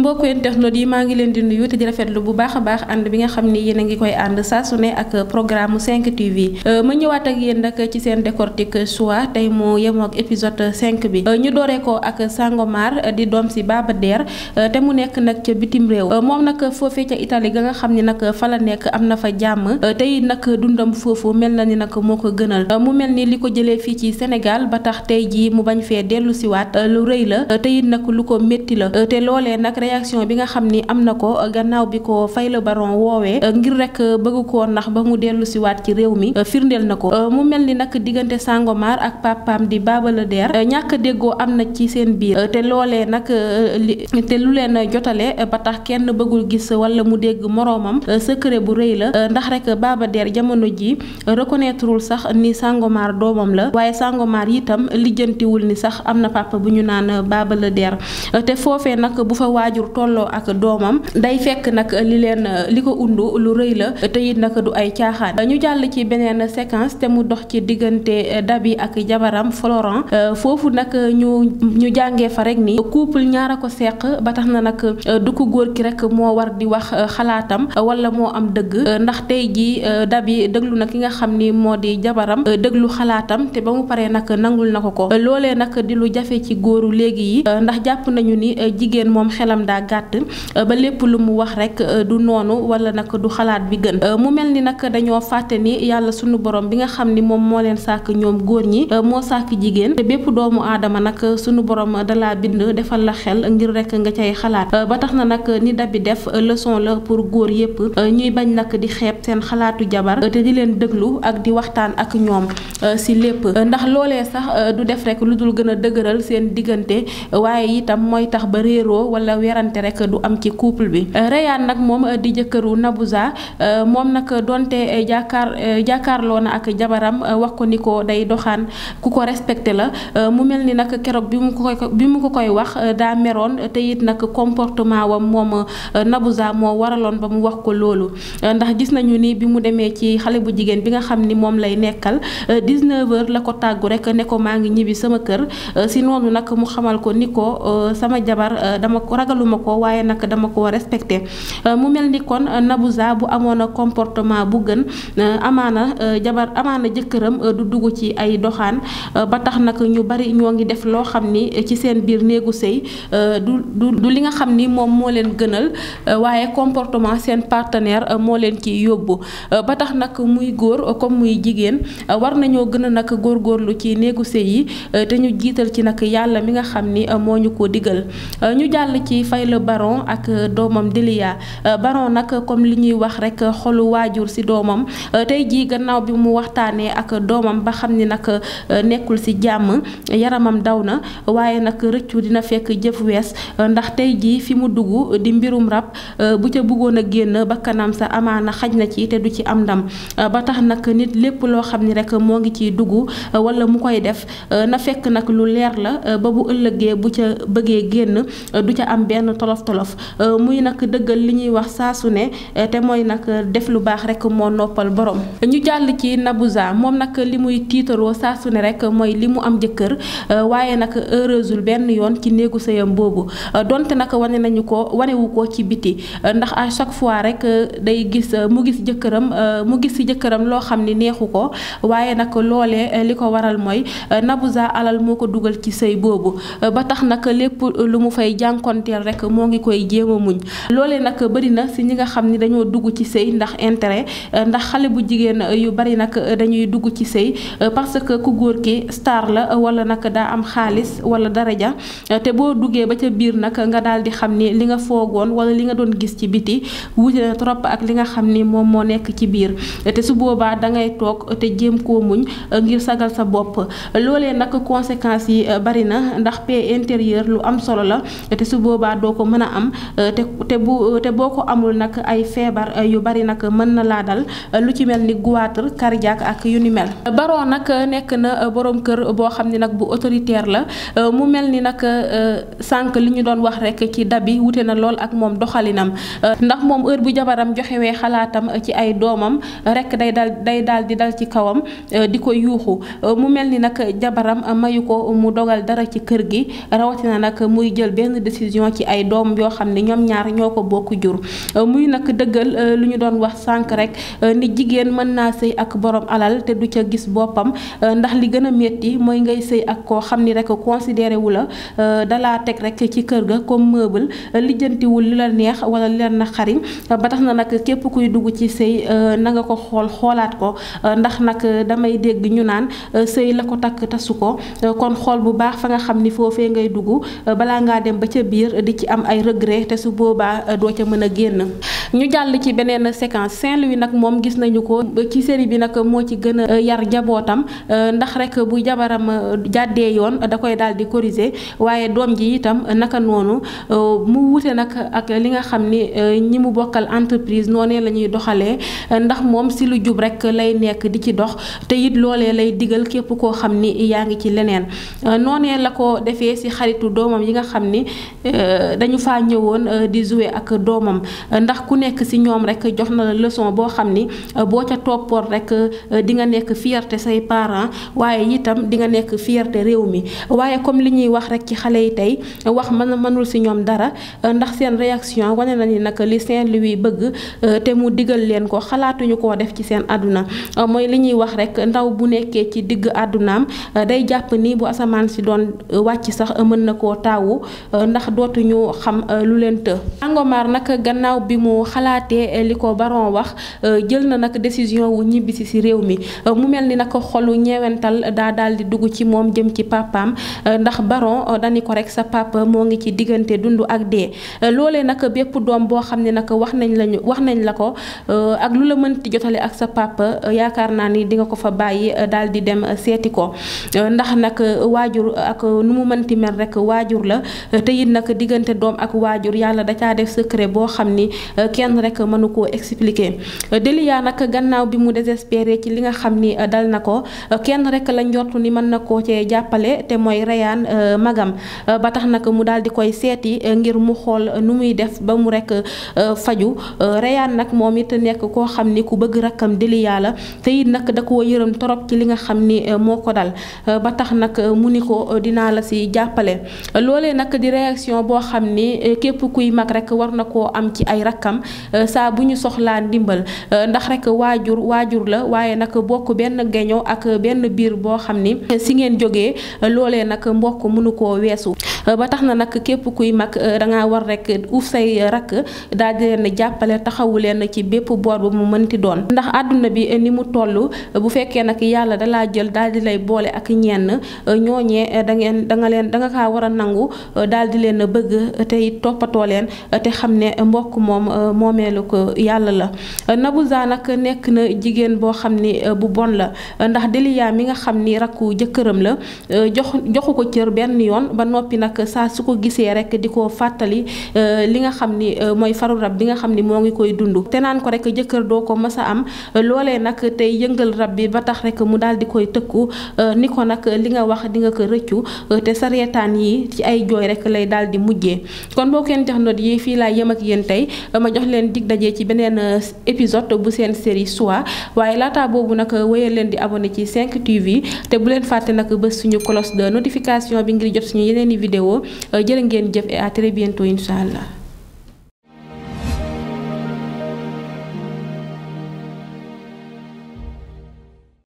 mbokku internet yi maa ngi leen di nuyu te di rafetlu bu baax a baax ànd bi nga xam ni yéen a ngi koy ànd saa su ne ak programme 5 TV euh, ma ñëwaat ak yéen nag ci seen décortique choix tey mu yemoo ak épisode 5 bi euh, ñu dooree ko ak Sangomar euh, di doom si Baba Der te mu nekk nag ca bitim réew moom nag foofee ca Italie ga nga xam ni nag fa la nekk am na fa jàmm tey nag dundam foofu mel na ni nag moo ko gënal mu mel ni li ko jëlee fii ci Sénégal ba tax tey jii mu bañ fee dellu siwaat lu rëy la tey nag lu ko métti la te loolee réaction bi nga xam ni am na ko gannaaw bi ko fay la Baron woowee euh, ngir rek euh, bëgg koo ndax ba mu dellu siwaat ci réew mi euh, firndeel na ko mu mel ni nag diggante Sangomar ak papaam di Babala Der ñàkk déggoo am na ci seen biir te loolee nag li te lu leen jotale ba tax kenn bëggul gis wala mu dégg moroomam secret bu rëy la ndax rek Baba Der jamono ji reconnaîtreul sax ni Sangomar doomam la waaye Sangomar itam lijjantiwul ni sax am na papa bu ñu naan Babala Der waajur tolloo ak doomam day fekk nag li leen li ko undu lu rëy la te it nag du ay caaxaat ñu jàll ci beneen séquence te mu dox ci diggante Dabi ak jabaram Florent euh, foofu nag ñu ñu jàngee fa rek nii couple ñaar a ko seq ba tax na nag euh, du ko góor ki rek moo war di wax euh, xalaatam wala moo am dëgg ndax tey jii Dabi déglu na ki nga xam ni moo di jabaram déglu xalaatam te ba mu paree nag nangul na ko ko loolee nag di lu jafe ci góoru léegi yi ndax jàpp nañu ni jigéen da gatt eh, ba lepp lu mu wax rek eh, du nonu wala nak du xalaat bi gën eh, mu melni nak nag dañoo fàtte ni yalla suñu borom bi nga xamni mom mo moo leen sàkk ñoom góor ñi mo sak jigen te bepp doomu adama nak suñu borom la bind defal la xel ngir rek nga cey xalaat ba taxna nak ni dabbi def leçon la pour goor yépp ñuy bañ nak di xép seen xalaatu jabar te di leen déglu ak di waxtaan ak ñom si lepp ndax lolé sax du def rek lu gëna gën seen itam moy tax ba réro wala wera werante rek du am ci couple bi euh, Rayane nag moom euh, di jëkkëru Nabouza euh, moom nag donte jàkkaar jàkkaarloo na ak jabaram wax ko ni ko day doxaan ku ko respecté la mu mel ni nag keroog bi bi mu koy wax daa meroon te it nag comportement wam moom Nabouza moo waraloon ba mu wax ko loolu ndax gis nañu ni bi mu demee ci xale bu jigéen bi nga xam ni moom lay nekkal 19h la ko tàggu rek ne ko maa ngi ñibbi sama kër si noonu nag mu xamal ko ni ko sama jabar dama ragalu ma ko waaye nag dama koo respecté euh, mu mel ni kon euh, Nabouza bu amoon comportement bu gën euh, amaana jabar amaana jëkkëram du dugg ci ay doxaan ba tax nag ñu bari ñoo ngi def loo xam ni ci seen biir néegu sëy du du du li nga xam ni moom moo leen gënal waaye comportement seen partenaire moo leen ci yóbbu ba tax nag muy góor comme muy jigéen war nañoo gën a góor góorgóorlu ci néegu sëy yi te ñu jiital ci nag yàlla mi nga xam ni moo ñu ko digal ñu jàll ci fay Roy le Baron ak doomam Delia euh, Baron nag comme li ñuy wax rek xolu waajur si doomam euh, tey jii gannaaw bi mu waxtaanee ak doomam ba xam ni nag euh, nekkul si jàmm yaramam daw na waaye nag rëccu dina fekk jëf wees ndax tey jii fi mu dugg di mbirum rab bu ca bëggoon a génn bakkanam kanam sa amaana xaj na ci te du ci am ndam ba tax nag nit lépp loo xam ni rek moo ngi ciy dugg wala mu koy def na fekk nag lu leer la ba bu ëllëgee bu ca bëggee génn du ca am benn yenn tolof tolof euh, muy nag dëggal li ñuy wax saa su ne euh, te mooy nag def lu baax rek moo noppal boroom ñu jàll ci Nabouza moom nag li muy tiitaroo saa su ne rek mooy li mu am jëkkër euh, waaye nag heureusul benn yoon ci néegu sëyam boobu donte nag wane nañu ko wanewu ko ci biti ndax à chaque fois rek day gis mu gis jëkkëram mu gis ci jëkkëram loo xam ni neexu ko waaye nag loole li ko waral mooy Nabouza alal moo ko dugal ci sëy boobu ba tax nag lépp lu mu fay jànkonteel rek moo ngi koy jéem a muñ loole nag bëri na si li nga xam ni dañoo dugg ci sëy ndax intérêt euh, ndax xale bu jigéen euh, yu bari nag euh, dañuy dugg ci sëy parce que ku góor ki star la wala nag daa am xaalis wala daraja te boo duggee ba ca biir nag nga daal di xam ni li nga foogoon wala li nga doon gis ci biti wuute na trop ak li nga xam ni moom moo nekk ci biir te su boobaa dangay toog te jéem koo muñ ngir sagal sa bopp loolee nag conséquences yi bari na ndax paix lu am solo la doo ko mën a am euh, te te bu te boo ko amul nag ay feebar euh, yu bari nag mën na laa dal euh, lu ci mel ni goitre cardiaque ak yu ni mel. Baron nag nekk na boroom kër boo xam ni nag bu autoritaire la mu mel ni nag sànq li ñu doon wax rek ci dabi wute na lool ak moom doxalinam ndax moom heure bu jabaram joxewee xalaatam ci ay doomam rek day dal day daal di dal ci kawam di ko yuuxu mu mel ni nag jabaram mayu ko mu dogal dara ci kër gi rawatina nag muy jël benn décision ci ay doom yo xam ñom ñaar ñoko bokku jur euh, muy nak dëggal euh, lu ñu doon wax sank rek euh, ni jigen mën na sey ak borom alal te du ca gis bopam ndax li gëna metti moy ngay sey ak ko xamni rek considéré wu la dalaa tek rek ci kër ga comme meuble lijjantiwul li la neex wala li la xari ba tax na nak képp kuy dugg ci sey na nga ko xol xolaat ko ndax nak damay dégg ñu naan sey la ko tak tasuko ko kon xol bu baax fa nga xamni fofé ngay dugg bala nga dem ba ca biir di ci am ay regret te su boobaa euh, doo ca mën a génn ñu jàll ci beneen séquence Saint-Louis nag moom gis nañu ko ci série bi nag moo ci gën a euh, yar njabootam euh, ndax rek bu jabaram jàddee yoon da koy daal di corriger waaye doom ji itam naka noonu mu wute nag ak li nga xam ni ñi mu bokkal entreprise noonee la ñuy doxalee ndax moom si lu jub rek lay nekk di ci dox te it loolee lay digal képp koo xam ni yaa ngi ci leneen noonee la ko defee si xaritu doomam yi nga xam ni dañu faa ñëwoon euh, di jouer ak doomam ndax ku nekk si ñoom rek jox na la leçon boo xam ni euh, boo ca toppoon rek euh, di nga nekk fierté say parent waaye itam di nga nekk fierté réew mi waaye comme li ñuy wax rek ci xale yi tey wax mën mënul si ñoom dara ndax seen réaction wane na ni nag li saint wi bëgg te mu digal leen ko xalaatuñu koo def ci seen àdduna mooy li ñuy wax rek ndaw bu nekkee ci digg àddunaam day jàpp ni bu asamaan si doon wàcc sax mën na koo taawu ñu xam euh, lu leen të. Sangomar nag gannaaw bi mu xalaatee euh, li ko baron wax euh, jël na nag décision wu ñibbisi ci réew mi mu mel ni nag xolu ñeewental daa daal di dugg ci moom jëm ci papaam ndax baron dani ko rek sa papa moo ngi ci diggante dund ak dee loolee nag bépp doom boo xam ne nag wax nañ lañu wax nañ la ko ak lu la mënti jotale ak sa papa yaakaar naa ni di nga ko fa bàyyi daal di dem seeti ko ndax nag waajur ak nu mu mënti mel rek waajur la te it nag diggante doom ak waajur yàlla da caa def secret boo xam ni euh, kenn rek mënu koo expliquer euh, Delia nag gannaaw bi mu désespéré ci li nga xam ni euh, dal na ko kenn rek la njortu ni mën na koo cee jàppale te mooy reyaan magam ba tax nag mu daal di koy seeti ngir mu xool nu muy def ba mu rek faju reyaan nag moom it nekk koo xam ni ku bëgg rakkam Delia la te it nag da koo yërëm torop ci li nga xam ni moo ko dal ba nag mu ni ko dinaa la si jàppale loolee nag di réaction boo xam ni eh, képp kuy mag rek war na koo am ci ay rakkam eh, saa bu ñu soxlaa ndimbal eh, ndax rek waajur waajur la waaye nag bokk benn geño ak benn biir boo xam ni si ngeen jógee loolee nag mbokk mënu koo weesu ba tax na nag képp kuy mag dangaa war rek uuf say rakk daal di leen jàppale taxawu leen ci bépp boor bu mu mënti doon ndax àdduna bi ni mu toll bu fekkee nag yàlla dalaa jël daal di lay boole ak ñenn ñooñee da ngeen da leen da nga kaa war nangu daal leen bëgg tey toppatoo leen te xam ne mbokk moom euh, moomeelu ko yàlla la Nabouza nag nekk na jigéen boo xam ni euh, bu bon la ndax Deliya mi nga xam ni rakku jëkkëram la euh, jox joxu ko cër benn yoon ba noppi nag saa su ko gisee rek di ko fàttali li nga xam ni mooy faru rab bi nga xam ni moo ngi koy dund te naan ko rek jëkkër doo ko mës a am loolee nag tey yëngal rab bi ba tax rek mu daal di koy tëkku ni ko nag li nga wax dinga ko rëccu te sa reetaan yi ci ay jooy rek lay daal di mujjee liggé kon boo tax internautes yi fi la yem ak yeen tay ma jox len dig dajé ci benen euh, épisode bu sen série soa waye lata bobu nak euh, wéyal len di abonné ci 5 TV té bu len faté nak ba suñu cloche de notification bi ngir jot suñu yeneeni vidéo euh, jërë ngeen jëf et à très bientôt inshallah